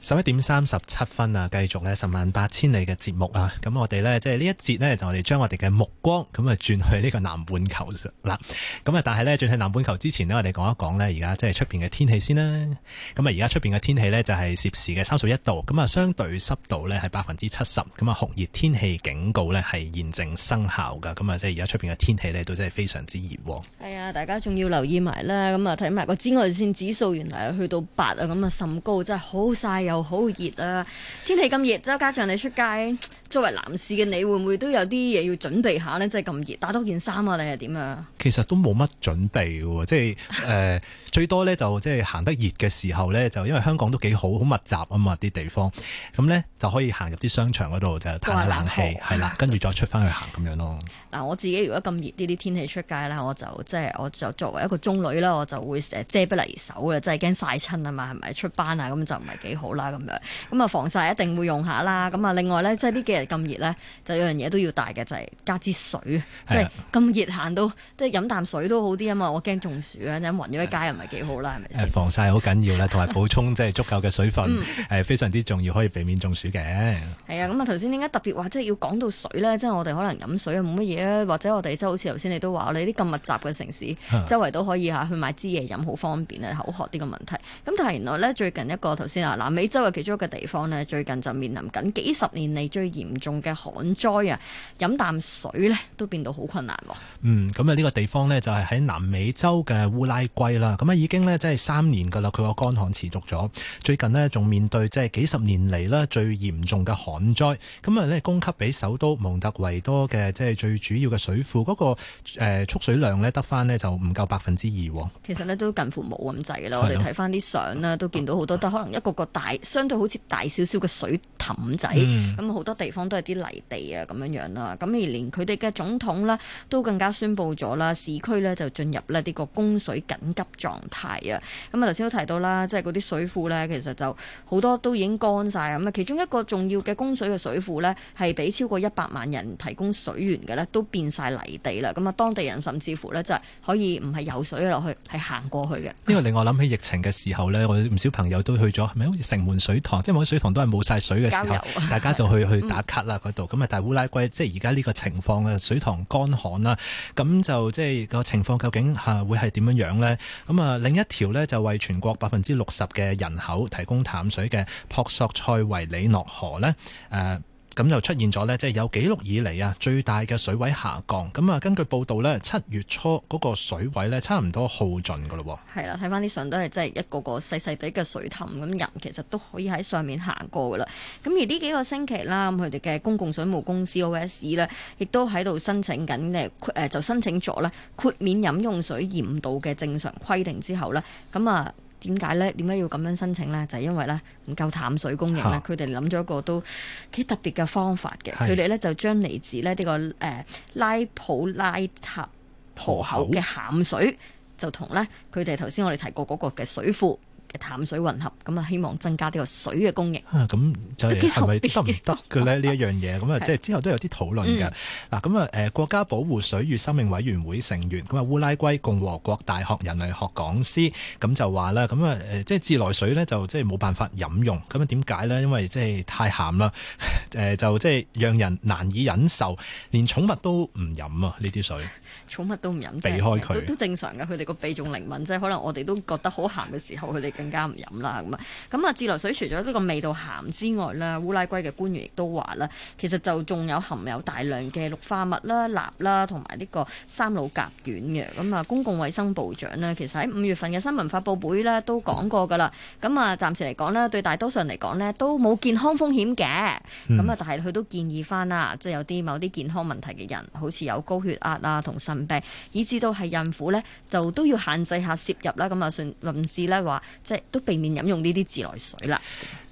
37, 十一點三十七分啊，繼續呢十萬八千里嘅節目啊，咁我哋呢，即係呢一節呢，就我哋將我哋嘅目光咁啊轉去呢個南半球啦，咁啊但係呢，轉去南半球，球之前呢，我哋講一講呢，而家即係出邊嘅天氣先啦，咁啊而家出邊嘅天氣呢，就係攝氏嘅三十一度，咁啊相對濕度呢，係百分之七十，咁啊酷熱天氣警告呢，係現正生效噶，咁啊即係而家出邊嘅天氣呢，都真係非常之熱，係啊，大家仲要留意埋啦，咁啊睇埋個紫外線指數，原來去到八啊，咁啊甚高，真係好曬。又好熱啊！天氣咁熱，周家上你出街，作為男士嘅你，會唔會都有啲嘢要準備下呢？即係咁熱，打多件衫啊！你係點啊？其實都冇乜準備喎，即係誒、呃、 最多咧就即係行得熱嘅時候咧，就因為香港都幾好，好密集啊嘛啲地方，咁咧就可以行入啲商場嗰度就嘆下冷氣，係啦， 跟住再出翻去行咁樣咯。嗱、啊，我自己如果咁熱啲啲天氣出街咧，我就即係我就作為一個中女啦，我就會成日遮不離手嘅，即係驚曬親啊嘛，係咪出斑啊？咁就唔係幾好咁樣，咁啊防晒一定會用下啦。咁啊另外咧，即係呢幾日咁熱咧，就有樣嘢都要帶嘅，就係加支水。即係咁熱行到，即係飲啖水都好啲啊嘛。我驚中暑啊，飲暈咗一街又唔係幾好啦，係咪？誒防晒好緊要啦，同埋補充即係足夠嘅水分，係非常之重要，可以避免中暑嘅。係啊，咁啊頭先點解特別話即係要講到水咧？即係我哋可能飲水冇乜嘢啊，或者我哋即係好似頭先你都話咧，啲咁密集嘅城市，周圍都可以嚇去買支嘢飲，好方便啊，口渴呢個問題。咁但係原來咧最近一個頭先啊南美。周圍其中一個地方呢，最近就面臨緊幾十年嚟最嚴重嘅旱災啊！飲啖水咧都變到好困難喎。嗯，咁啊呢個地方呢，就係喺南美洲嘅烏拉圭啦。咁啊已經呢，即係三年㗎啦，佢個乾旱持續咗，最近呢，仲面對即係幾十年嚟啦最嚴重嘅旱災。咁啊呢，供給俾首都蒙特維多嘅即係最主要嘅水庫嗰、這個誒蓄、呃、水量呢，得翻呢就唔夠百分之二。其實呢，都近乎冇咁滯啦。的我哋睇翻啲相咧都見到好多，但可能一個個大。相對好似大少少嘅水氹仔，咁好、嗯、多地方都係啲泥地啊咁樣樣啦。咁而連佢哋嘅總統啦，都更加宣佈咗啦，市區呢就進入呢呢個供水緊急狀態啊。咁啊頭先都提到啦，即係嗰啲水庫呢，其實就好多都已經乾晒咁啊。其中一個重要嘅供水嘅水庫呢，係俾超過一百萬人提供水源嘅呢，都變晒泥地啦。咁啊，當地人甚至乎呢，就係可以唔係游水落去，係行過去嘅。因為令我諗起疫情嘅時候呢，我哋唔少朋友都去咗，係咪好似成？水塘，即係冇水塘都係冇晒水嘅時候，油大家就去去打卡啦嗰度。咁啊、嗯，但係烏拉圭即係而家呢個情況啊，水塘乾旱啦，咁就即係個情況究竟係會係點樣樣咧？咁、嗯、啊，另一條咧就為全國百分之六十嘅人口提供淡水嘅樸索塞維里諾河咧，誒、呃。咁就出現咗呢，即係有紀錄以嚟啊最大嘅水位下降。咁啊，根據報道呢，七月初嗰個水位呢，差唔多耗盡噶咯。係啦，睇翻啲相都係即係一個個細細啲嘅水凼咁，人其實都可以喺上面行過噶啦。咁而呢幾個星期啦，咁佢哋嘅公共水務公司 O S 呢，亦都喺度申請緊誒誒，就申請咗呢豁免飲用水鹽度嘅正常規定之後呢，咁啊。點解咧？點解要咁樣申請咧？就係、是、因為咧唔夠淡水供應咧，佢哋諗咗一個都幾特別嘅方法嘅。佢哋咧就將嚟自咧、這、呢個誒、呃、拉普拉塔河口嘅鹹水，口就同咧佢哋頭先我哋提過嗰個嘅水庫。淡水混合咁啊，希望增加呢個水嘅供應。咁就係係咪得唔得嘅咧？呢一樣嘢咁啊，即 係之後都有啲討論嘅。嗱，咁啊，誒、嗯，國家保護水與生命委員會成員，咁啊烏拉圭共和國大學人類學講師，咁就話啦，咁啊，誒、呃，即係自來水咧，就即係冇辦法飲用。咁啊，點解咧？因為即係太鹹啦，誒、呃，就即係讓人難以忍受，連寵物都唔飲啊呢啲水。寵物都唔飲，是避開佢都，都正常嘅。佢哋個鼻仲靈敏，即係可能我哋都覺得好鹹嘅時候，佢哋。更加唔飲啦咁啊！咁啊，自來水除咗呢個味道鹹之外咧，烏拉圭嘅官員亦都話咧，其實就仲有含有大量嘅氯化物啦、鈉啦同埋呢個三氯甲烷嘅。咁啊，公共衛生部長呢，其實喺五月份嘅新聞發布會咧都講過噶啦。咁啊，暫時嚟講呢，對大多數人嚟講呢都冇健康風險嘅。咁啊、嗯，但係佢都建議翻啦，即、就、係、是、有啲某啲健康問題嘅人，好似有高血壓啊同腎病，以至到係孕婦呢，就都要限制下攝入啦。咁啊，甚至呢話。即都避免飲用呢啲自來水啦。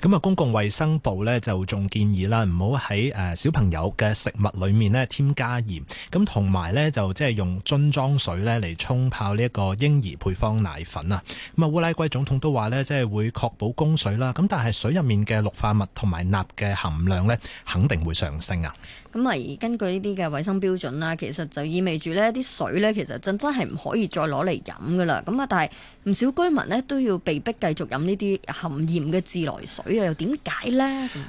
咁啊，公共衛生部咧就仲建議啦，唔好喺誒小朋友嘅食物裏面咧添加鹽，咁同埋咧就即係用樽裝水咧嚟沖泡呢一個嬰兒配方奶粉啊。咁啊，烏拉圭總統都話咧，即係會確保供水啦。咁但係水入面嘅氯化物同埋鈉嘅含量咧，肯定會上升啊。咁啊，根據呢啲嘅衛生標準啦，其實就意味住咧啲水咧，其實真真係唔可以再攞嚟飲噶啦。咁啊，但係唔少居民咧都要被逼繼續飲呢啲含鹽嘅自來水。水又點解咧？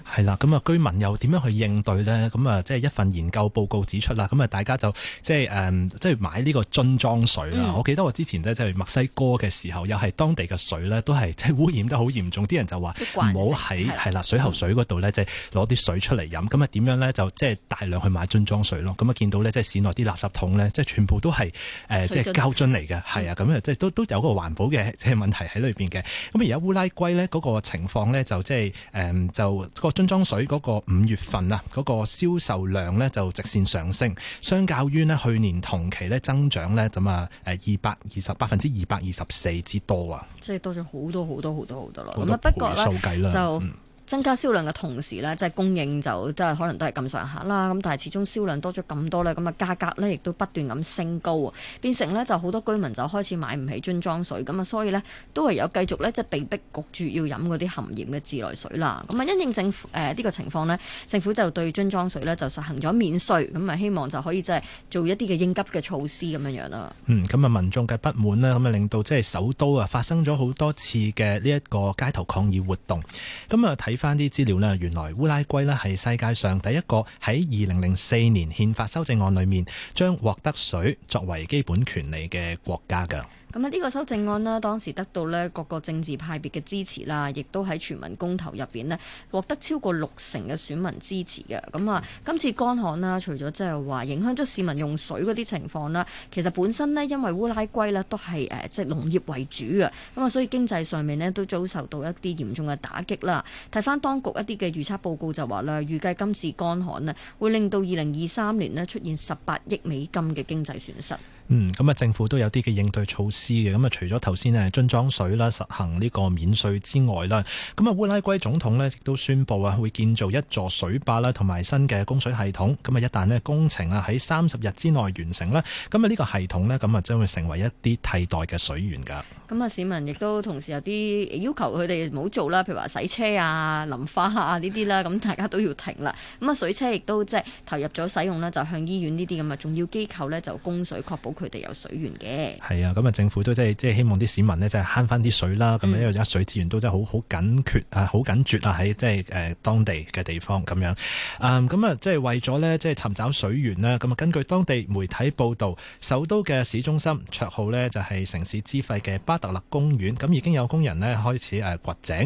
係啦，咁啊，居民又點樣去應對咧？咁啊，即係一份研究報告指出啦，咁啊，大家就即係誒，即、呃、係買呢個樽裝水啦。嗯、我記得我之前咧，即係墨西哥嘅時候，又係當地嘅水咧，都係即係污染得好嚴重。啲人就話唔好喺係啦，水喉水嗰度咧，即係攞啲水出嚟飲。咁啊、嗯，點樣咧？就即係大量去買樽裝水咯。咁啊，見到咧，即係市內啲垃圾桶咧，即係全部都係誒，即、呃、係瓶膠樽嚟嘅，係啊，咁啊、嗯，即係都都有個環保嘅問題喺裏邊嘅。咁而家烏拉圭咧嗰個情況咧就。即係誒、嗯，就個樽裝水嗰個五月份啊，嗰、那個銷售量咧就直線上升，相較於咧去年同期咧增長咧咁啊，誒二百二十百分之二百二十四之多啊！即係多咗好多好多好多好多咯，咁啊不過咧就。嗯增加銷量嘅同時呢，即係供應就即係可能都係咁上下啦。咁但係始終銷量多咗咁多呢，咁啊價格呢亦都不斷咁升高，變成呢就好多居民就開始買唔起樽裝水。咁啊，所以呢，都係有繼續呢，即係被逼焗住要飲嗰啲含鹽嘅自來水啦。咁啊，因應政府誒呢、呃這個情況呢，政府就對樽裝水呢就實行咗免稅，咁啊希望就可以即係做一啲嘅應急嘅措施咁樣樣啦。嗯，咁啊民眾嘅不滿呢，咁啊令到即係首都啊發生咗好多次嘅呢一個街頭抗議活動。咁啊睇。翻啲資料啦，原來烏拉圭咧係世界上第一個喺二零零四年憲法修正案裏面將獲得水作為基本權利嘅國家㗎。咁呢個修正案咧，當時得到咧各個政治派別嘅支持啦，亦都喺全民公投入邊咧獲得超過六成嘅選民支持嘅。咁啊，今次乾旱啦，除咗即係話影響咗市民用水嗰啲情況啦，其實本身咧因為烏拉圭咧都係誒即係農業為主嘅，咁啊，所以經濟上面咧都遭受到一啲嚴重嘅打擊啦。睇翻當局一啲嘅預測報告就話咧，預計今次乾旱咧會令到二零二三年咧出現十八億美金嘅經濟損失。嗯，咁、嗯、啊，政府都有啲嘅應對措施嘅，咁、嗯、啊，除咗頭先咧樽裝水啦，實行呢個免稅之外啦，咁、嗯、啊烏拉圭總統呢亦都宣布啊，會建造一座水壩啦、啊，同埋新嘅供水系統。咁、嗯、啊，一旦咧工程啊喺三十日之內完成啦，咁啊呢個系統呢，咁、嗯、啊將會成為一啲替代嘅水源噶。咁啊市民亦都同時有啲要求佢哋唔好做啦，譬如話洗車啊、淋花啊呢啲啦，咁大家都要停啦。咁啊水車亦都即係投入咗使用啦，就向醫院呢啲咁嘅重要機構呢，就供水確保。佢哋有水源嘅，係啊，咁啊，政府都即係即係希望啲市民呢，即係慳翻啲水啦。咁啊、嗯，因為而家水資源都真係好好緊缺啊，好緊絕啊，喺即係誒當地嘅地方咁樣。誒咁啊，即係為咗呢，即係尋找水源啦。咁啊，根據當地媒體報道，首都嘅市中心綽號呢，就係、是、城市之肺嘅巴特勒公園。咁已經有工人呢、呃，開始誒、呃、掘井，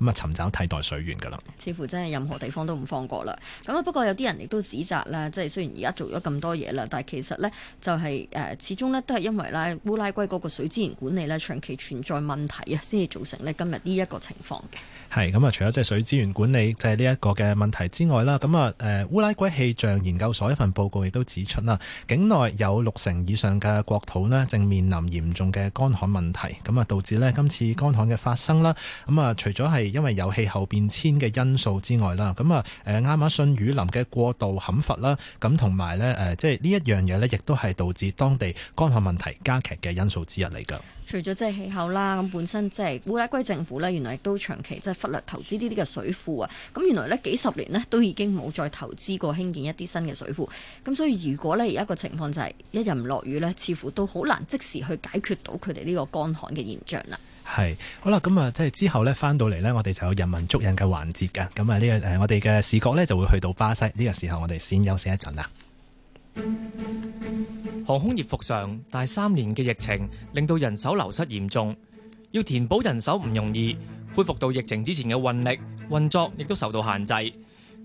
咁啊尋找替代水源噶啦。似乎真係任何地方都唔放過啦。咁啊，不過有啲人亦都指責啦，即係雖然而家做咗咁多嘢啦，但係其實呢、就是，就係誒。始終咧都係因為咧烏拉圭嗰個水資源管理咧長期存在問題啊，先至造成咧今日呢一個情況嘅。係咁啊！除咗即係水資源管理就係呢一個嘅問題之外啦，咁啊誒烏拉圭氣象研究所一份報告亦都指出啦，境內有六成以上嘅國土呢，正面臨嚴重嘅乾旱問題，咁、嗯、啊導致呢今次乾旱嘅發生啦。咁、嗯、啊除咗係因為有氣候變遷嘅因素之外啦，咁啊誒亞馬遜雨林嘅過度砍伐啦，咁同埋呢誒即係呢一樣嘢呢，亦都係導致當地乾旱問題加劇嘅因素之一嚟㗎。除咗即係氣候啦，咁本身即係烏拉圭政府呢，原來亦都長期即係忽略投資呢啲嘅水庫啊，咁原來呢幾十年呢，都已經冇再投資過興建一啲新嘅水庫，咁所以如果呢而家個情況就係一日唔落雨呢，似乎都好難即時去解決到佢哋呢個乾旱嘅現象啦。係，好啦，咁啊，即係之後呢，翻到嚟呢，我哋就有人文足印嘅環節嘅，咁啊呢個我哋嘅視覺呢，就會去到巴西。呢個時候，我哋先休息一陣啦。航空業復常，但三年嘅疫情令到人手流失嚴重，要填補人手唔容易，恢復到疫情之前嘅運力運作亦都受到限制。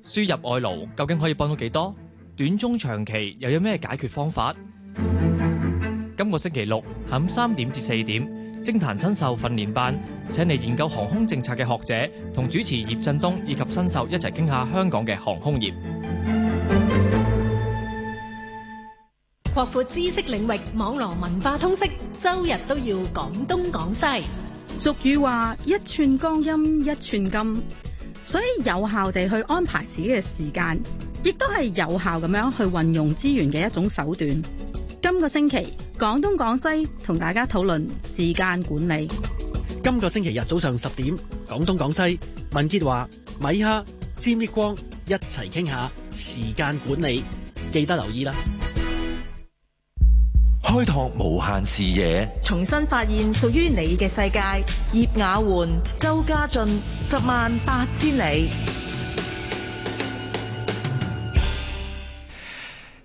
輸入外勞究竟可以幫到幾多？短中長期又有咩解決方法？ 今個星期六下午三點至四點，政壇新秀訓練班，請嚟研究航空政策嘅學者同主持葉振東以及新秀一齊傾下香港嘅航空業。擴闊知識領域，網絡文化通識，周日都要講東講西。俗語話一寸光陰一寸金，所以有效地去安排自己嘅時間，亦都係有效咁樣去運用資源嘅一種手段。今個星期廣東廣西同大家討論時間管理。今個星期日早上十點，廣東廣西文傑話：米哈沾益光，一齊傾下時間管理。記得留意啦。開拓無限視野，重新發現屬於你嘅世界。葉雅媛、周家俊，十萬八千里。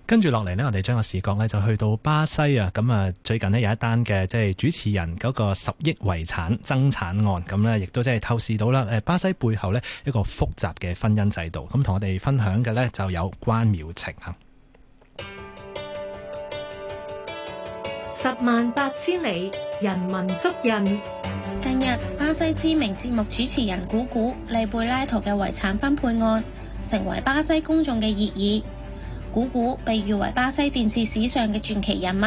跟住落嚟咧，我哋將個視角咧就去到巴西啊！咁啊，最近咧有一單嘅即係主持人嗰個十億遺產爭產案，咁咧亦都即係透視到啦。誒、啊，巴西背後咧一個複雜嘅婚姻制度，咁、啊、同我哋分享嘅咧就有關淼晴啊。十萬八千里，人文足印。近日，巴西知名節目主持人古古利貝拉圖嘅遺產分配案成為巴西公眾嘅熱議。古古被譽為巴西電視史上嘅傳奇人物，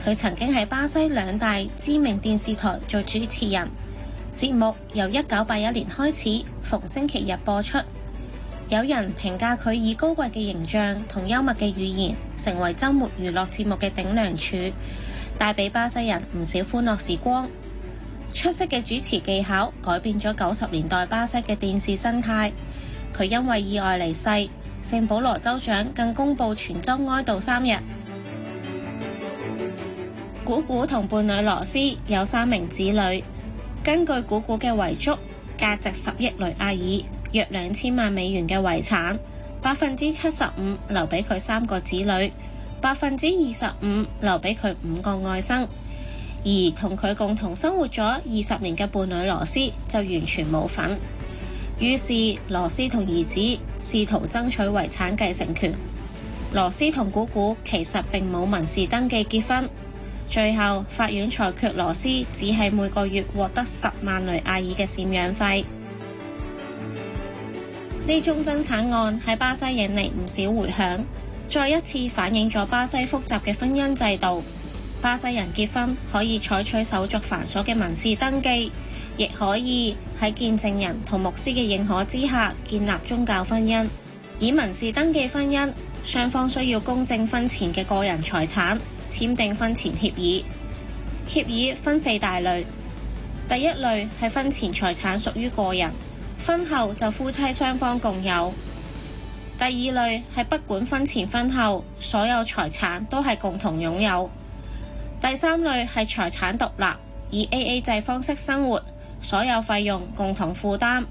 佢曾經喺巴西兩大知名電視台做主持人，節目由一九八一年開始逢星期日播出。有人評價佢以高貴嘅形象同幽默嘅語言，成為周末娛樂節目嘅頂樑柱。帶俾巴西人唔少歡樂時光，出色嘅主持技巧改變咗九十年代巴西嘅電視生態。佢因為意外離世，聖保羅州長更公佈全州哀悼三日。古古同伴侶羅斯有三名子女，根據古古嘅遺囑，價值十億雷亞爾約兩千萬美元嘅遺產，百分之七十五留俾佢三個子女。百分之二十五留俾佢五個外甥，而同佢共同生活咗二十年嘅伴侶羅斯就完全冇份。於是羅斯同兒子試圖爭取遺產繼承權。羅斯同古古其實並冇民事登記結婚。最後法院裁決，羅斯只係每個月獲得十萬雷亞爾嘅贍養費。呢宗爭產案喺巴西引嚟唔少回響。再一次反映咗巴西複雜嘅婚姻制度。巴西人結婚可以採取手續繁瑣嘅民事登記，亦可以喺見證人同牧師嘅認可之下建立宗教婚姻。以民事登記婚姻，雙方需要公證婚前嘅個人財產，簽訂婚前協議。協議分四大類，第一類係婚前財產屬於個人，婚後就夫妻雙方共有。第二類係不管婚前婚後，所有財產都係共同擁有。第三類係財產獨立，以 AA 制方式生活，所有費用共同負擔。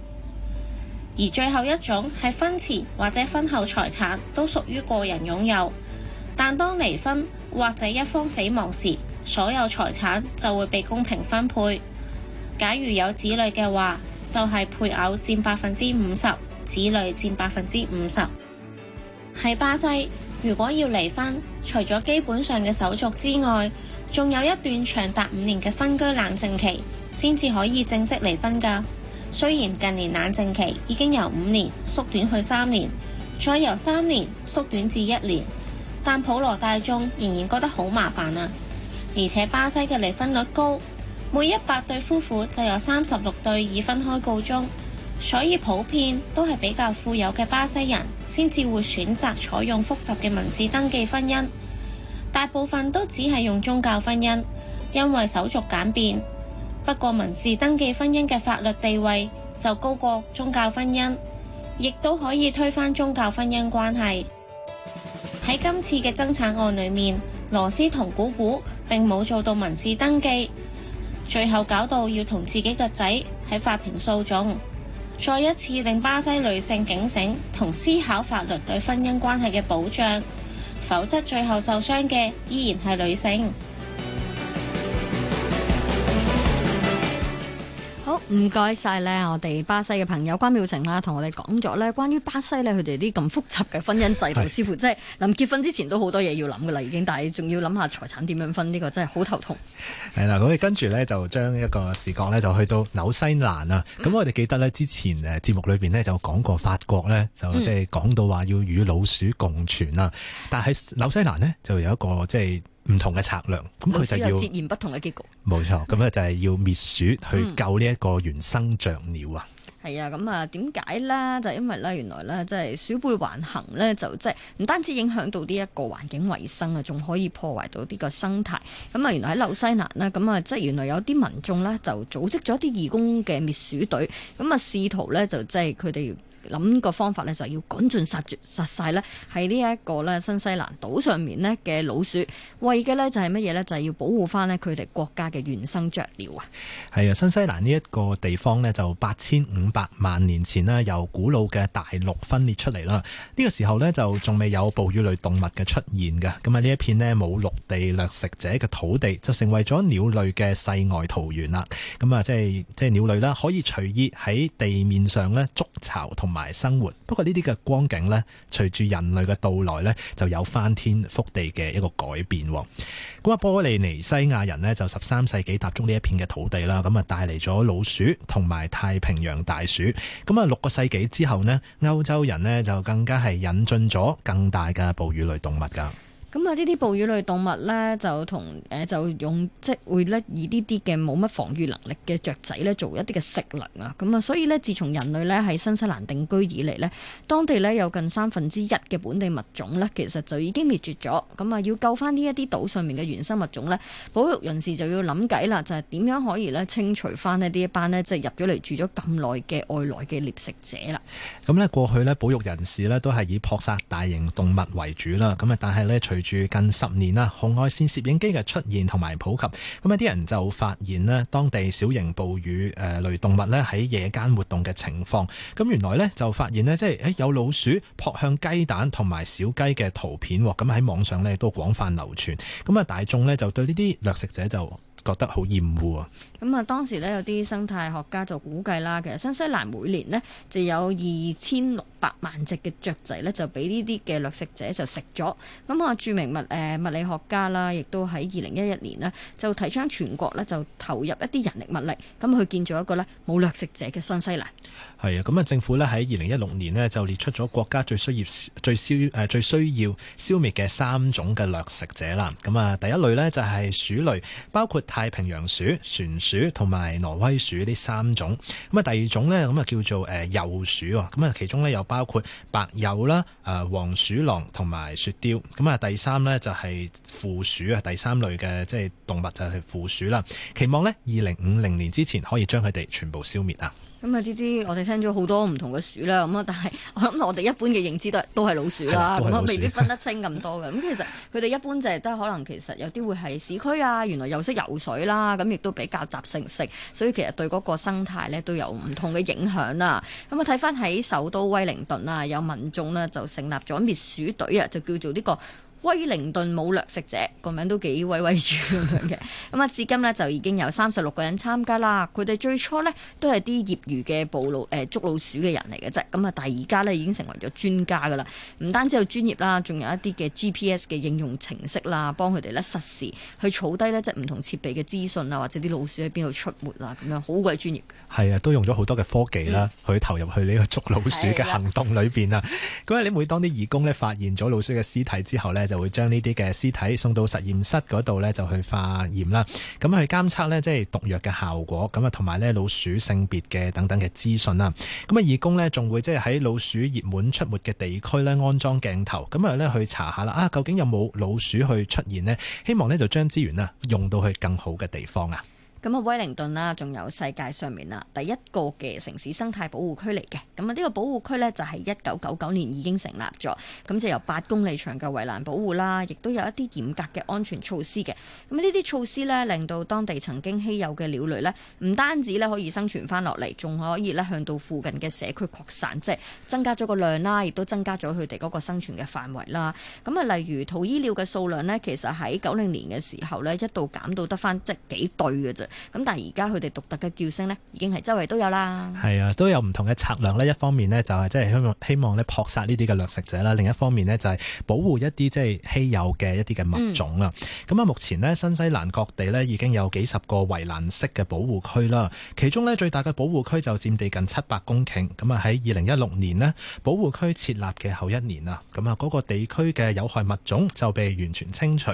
而最後一種係婚前或者婚後財產都屬於個人擁有，但當離婚或者一方死亡時，所有財產就會被公平分配。假如有子女嘅話，就係配偶佔百分之五十。子女佔百分之五十。喺巴西，如果要離婚，除咗基本上嘅手續之外，仲有一段長達五年嘅分居冷靜期，先至可以正式離婚㗎。雖然近年冷靜期已經由五年縮短去三年，再由三年縮短至一年，但普羅大眾仍然覺得好麻煩啊。而且巴西嘅離婚率高，每一百對夫婦就有三十六對以分開告終。所以普遍都係比較富有嘅巴西人先至會選擇採用複雜嘅民事登記婚姻，大部分都只係用宗教婚姻，因為手續簡便。不過，民事登記婚姻嘅法律地位就高過宗教婚姻，亦都可以推翻宗教婚姻關係。喺今次嘅爭產案裏面，羅斯同古古並冇做到民事登記，最後搞到要同自己個仔喺法庭訴訟。再一次令巴西女性警醒，同思考法律對婚姻關係嘅保障，否則最後受傷嘅依然係女性。.唔該晒咧，我哋巴西嘅朋友關淼晴啦，同我哋講咗咧關於巴西咧，佢哋啲咁複雜嘅婚姻制度，是似乎即係臨結婚之前都好多嘢要諗噶啦，已經，但係仲要諗下財產點樣分，呢、這個真係好頭痛。係啦，咁你跟住咧就將一個視角咧就去到紐西蘭啊，咁、嗯、我哋記得咧之前誒節目裏邊咧就講過法國咧，就即係講到話要與老鼠共存啦，嗯、但係紐西蘭呢，就有一個即係。唔同嘅策略，咁佢就要截然不同嘅結局。冇錯，咁咧就係要滅鼠去救呢一個原生雀鳥、 嗯、啊。係啊，咁啊點解呢？就是、因為呢，原來呢，即係鼠輩橫行呢，就即係唔單止影響到呢一個環境衛生啊，仲可以破壞到呢個生態。咁啊，原來喺紐西蘭啦，咁啊，即係原來有啲民眾呢，就組織咗啲義工嘅滅鼠隊，咁啊，試圖呢，就即係佢哋。諗個方法咧，就要趕盡殺絕殺晒咧，喺呢一個咧新西蘭島上面呢嘅老鼠，為嘅咧就係乜嘢呢？就係、是、要保護翻呢佢哋國家嘅原生雀鳥啊！係啊，新西蘭呢一個地方呢，就八千五百萬年前呢，由古老嘅大陸分裂出嚟啦。呢、這個時候呢，就仲未有哺乳類動物嘅出現嘅，咁啊呢一片呢，冇陸地掠食者嘅土地，就成為咗鳥類嘅世外桃源啦。咁啊、就是，即係即係鳥類啦，可以隨意喺地面上呢築巢同埋生活，不過呢啲嘅光景呢，隨住人類嘅到來呢，就有翻天覆地嘅一個改變。咁啊，波利尼西亞人呢，就十三世紀踏足呢一片嘅土地啦，咁啊帶嚟咗老鼠同埋太平洋大鼠。咁啊，六個世紀之後呢，歐洲人呢，就更加係引進咗更大嘅哺乳類動物噶。咁啊，呢啲哺乳類動物呢，就同誒、呃，就用即係會咧，以呢啲嘅冇乜防御能力嘅雀仔呢，做一啲嘅食糧啊。咁、嗯、啊，所以呢，自從人類呢，喺新西蘭定居以嚟，呢，當地呢，有近三分之一嘅本地物種呢，其實就已經滅絕咗。咁、嗯、啊，要救翻呢一啲島上面嘅原生物種呢，保育人士就要諗計啦，就係、是、點樣可以呢，清除翻呢啲一班呢，即、就、係、是、入咗嚟住咗咁耐嘅外來嘅獵食者啦。咁呢、嗯，過去呢，保育人士呢，都係以撲殺大型動物為主啦。咁啊，但係呢。隨住近十年啊，紅外線攝影機嘅出現同埋普及，咁一啲人就發現咧，當地小型哺乳誒類動物咧喺夜間活動嘅情況，咁原來咧就發現咧，即係誒有老鼠撲向雞蛋同埋小雞嘅圖片，咁喺網上咧都廣泛流傳，咁啊大眾咧就對呢啲掠食者就。覺得好厭惡啊！咁啊、嗯，當時呢，有啲生態學家就估計啦，其實新西蘭每年呢就有二千六百萬隻嘅雀仔呢，就俾呢啲嘅掠食者就食咗。咁、嗯、啊，著名物誒、呃、物理學家啦，亦都喺二零一一年呢，就提倡全國呢就投入一啲人力物力，咁去建造一個呢冇掠食者嘅新西蘭。係啊，咁啊，政府呢喺二零一六年呢，就列出咗國家最需要最消誒最需要消滅嘅三種嘅掠食者啦。咁啊，第一類呢，就係鼠類，包括。太平洋鼠、船鼠同埋挪威鼠呢三種，咁啊，第二種呢，咁啊叫做誒鼬鼠，咁啊其中呢，又包括白鼬啦、誒黃鼠狼同埋雪貂，咁啊第三呢，就係負鼠啊，第三類嘅即係動物就係負鼠啦。期望呢，二零五零年之前可以將佢哋全部消滅啊！咁啊！呢啲、嗯、我哋聽咗好多唔同嘅鼠啦，咁啊，但係我諗我哋一般嘅認知都係都係老鼠啦，咁啊，嗯、未必分得清咁多嘅。咁、 嗯、其實佢哋一般就係、係、都可能其實有啲會係市區啊，原來又識游水啦，咁亦都比較雜食性，所以其實對嗰個生態咧都有唔同嘅影響啦。咁、嗯、啊，睇翻喺首都威靈頓啊，有民眾呢就成立咗滅鼠隊啊，就叫做呢、呢個。威靈頓冇掠食者，個名都幾威威咁樣嘅，咁啊，至今呢就已經有三十六個人參加啦。佢哋最初呢都係啲業餘嘅捕老誒捉老鼠嘅人嚟嘅啫，咁啊，但係而家呢已經成為咗專家噶啦。唔單止有專業啦，仲有一啲嘅 GPS 嘅應用程式啦，幫佢哋呢實時去儲低呢即係唔同設備嘅資訊啊，或者啲老鼠喺邊度出沒啊，咁樣好鬼專業。係啊，都用咗好多嘅科技啦，嗯、去投入去呢個捉老鼠嘅行動裏邊 是啊。咁啊，你每當啲義工呢發現咗老鼠嘅屍體之後呢。就會將呢啲嘅屍體送到實驗室嗰度咧，就去化驗啦，咁去監測咧，即係毒藥嘅效果，咁啊同埋咧老鼠性別嘅等等嘅資訊啦。咁啊義工咧仲會即係喺老鼠熱門出沒嘅地區咧安裝鏡頭，咁啊咧去查下啦，啊究竟有冇老鼠去出現呢？希望咧就將資源啊用到去更好嘅地方啊！咁啊，威靈頓啦，仲有世界上面啦，第一個嘅城市生態保護區嚟嘅。咁啊，呢個保護區呢，就係一九九九年已經成立咗，咁就由八公里長嘅圍欄保護啦，亦都有一啲嚴格嘅安全措施嘅。咁呢啲措施呢，令到當地曾經稀有嘅鳥類呢，唔單止呢可以生存翻落嚟，仲可以呢向到附近嘅社區擴散，即係增加咗個量啦，亦都增加咗佢哋嗰個生存嘅範圍啦。咁啊，例如土依鳥嘅數量呢，其實喺九零年嘅時候呢，一度減到得翻即係幾對嘅啫。咁但係而家佢哋獨特嘅叫聲呢，已經係周圍都有啦。係啊，都有唔同嘅策略呢，一方面呢，就係即係希望希望呢撲殺呢啲嘅掠食者啦，另一方面呢，就係保護一啲即係稀有嘅一啲嘅物種啊。咁啊、嗯，目前呢，新西蘭各地呢，已經有幾十個圍欄式嘅保護區啦。其中呢，最大嘅保護區就占地近七百公頃。咁啊喺二零一六年呢，保護區設立嘅後一年啊，咁啊嗰個地區嘅有害物種就被完全清除。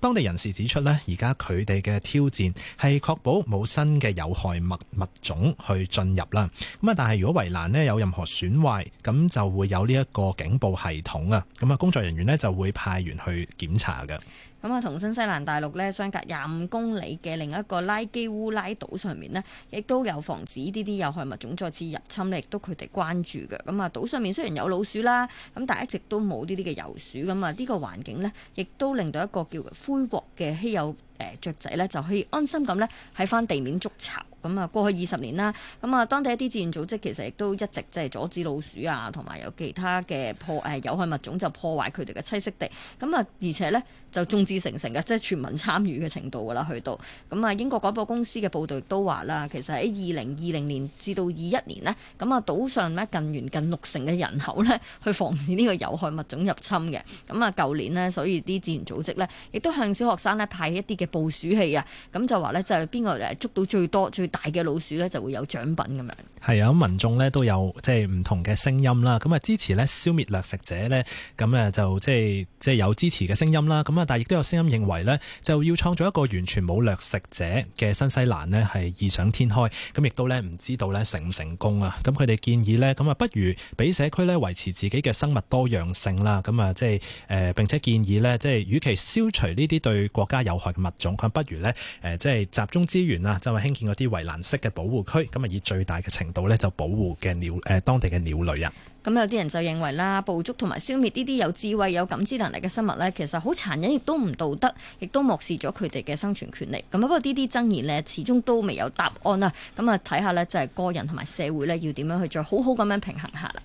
當地人士指出呢，而家佢哋嘅挑戰係。確保冇新嘅有害物物種去進入啦。咁啊，但係如果圍欄呢有任何損壞，咁就會有呢一個警報系統啊。咁啊，工作人員呢就會派員去檢查嘅。咁啊，同新西蘭大陸呢相隔廿五公里嘅另一個拉基烏拉島上面呢，亦都有防止呢啲有害物種再次入侵呢，亦都佢哋關注嘅。咁啊，島上面雖然有老鼠啦，咁但係一直都冇呢啲嘅遊鼠。咁啊，呢個環境呢，亦都令到一個叫灰獲嘅稀有。誒、呃、雀仔咧就可以安心咁咧喺返地面捉巢。咁啊，過去二十年啦，咁啊，當地一啲自然組織其實亦都一直即係阻止老鼠啊，同埋有其他嘅破誒有害物種就破壞佢哋嘅棲息地。咁啊，而且呢，就眾志成城嘅，即係全民參與嘅程度啦，去到。咁啊，英國廣播公司嘅報導亦都話啦，其實喺二零二零年至到二一年呢，咁啊，島上呢，近完近六成嘅人口呢，去防止呢個有害物種入侵嘅。咁啊，舊年呢，所以啲自然組織呢，亦都向小學生呢，派一啲嘅捕鼠器啊，咁就話呢，就係邊個捉到最多最大嘅老鼠咧就會有獎品咁樣。係啊，咁民眾咧都有即係唔同嘅聲音啦。咁啊，支持咧消滅掠食者咧，咁誒就即係即係有支持嘅聲音啦。咁啊，但係亦都有聲音認為咧，就要創造一個完全冇掠食者嘅新西蘭呢，係異想天開。咁亦都咧唔知道咧成唔成功啊。咁佢哋建議咧，咁啊不如俾社區咧維持自己嘅生物多樣性啦。咁啊即係誒並且建議咧，即係與其消除呢啲對國家有害嘅物種，佢不如咧誒即係集中資源啊，就係興建嗰啲藍色嘅保護區，咁啊以最大嘅程度咧就保護嘅鳥誒、呃、當地嘅鳥類啊。咁有啲人就認為啦，捕捉同埋消滅呢啲有智慧、有感知能力嘅生物咧，其實好殘忍，亦都唔道德，亦都漠視咗佢哋嘅生存權利。咁不過呢啲爭議咧，始終都未有答案啊。咁啊，睇下咧就係個人同埋社會咧要點樣去再好好咁樣平衡下啦。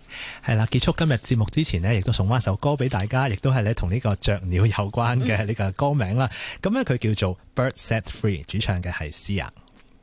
係啦，結束今日節目之前咧，亦都送翻首歌俾大家，亦都係同呢個雀鳥有關嘅呢個歌名啦。咁咧佢叫做 Bird Set Free，主唱嘅係 Sia。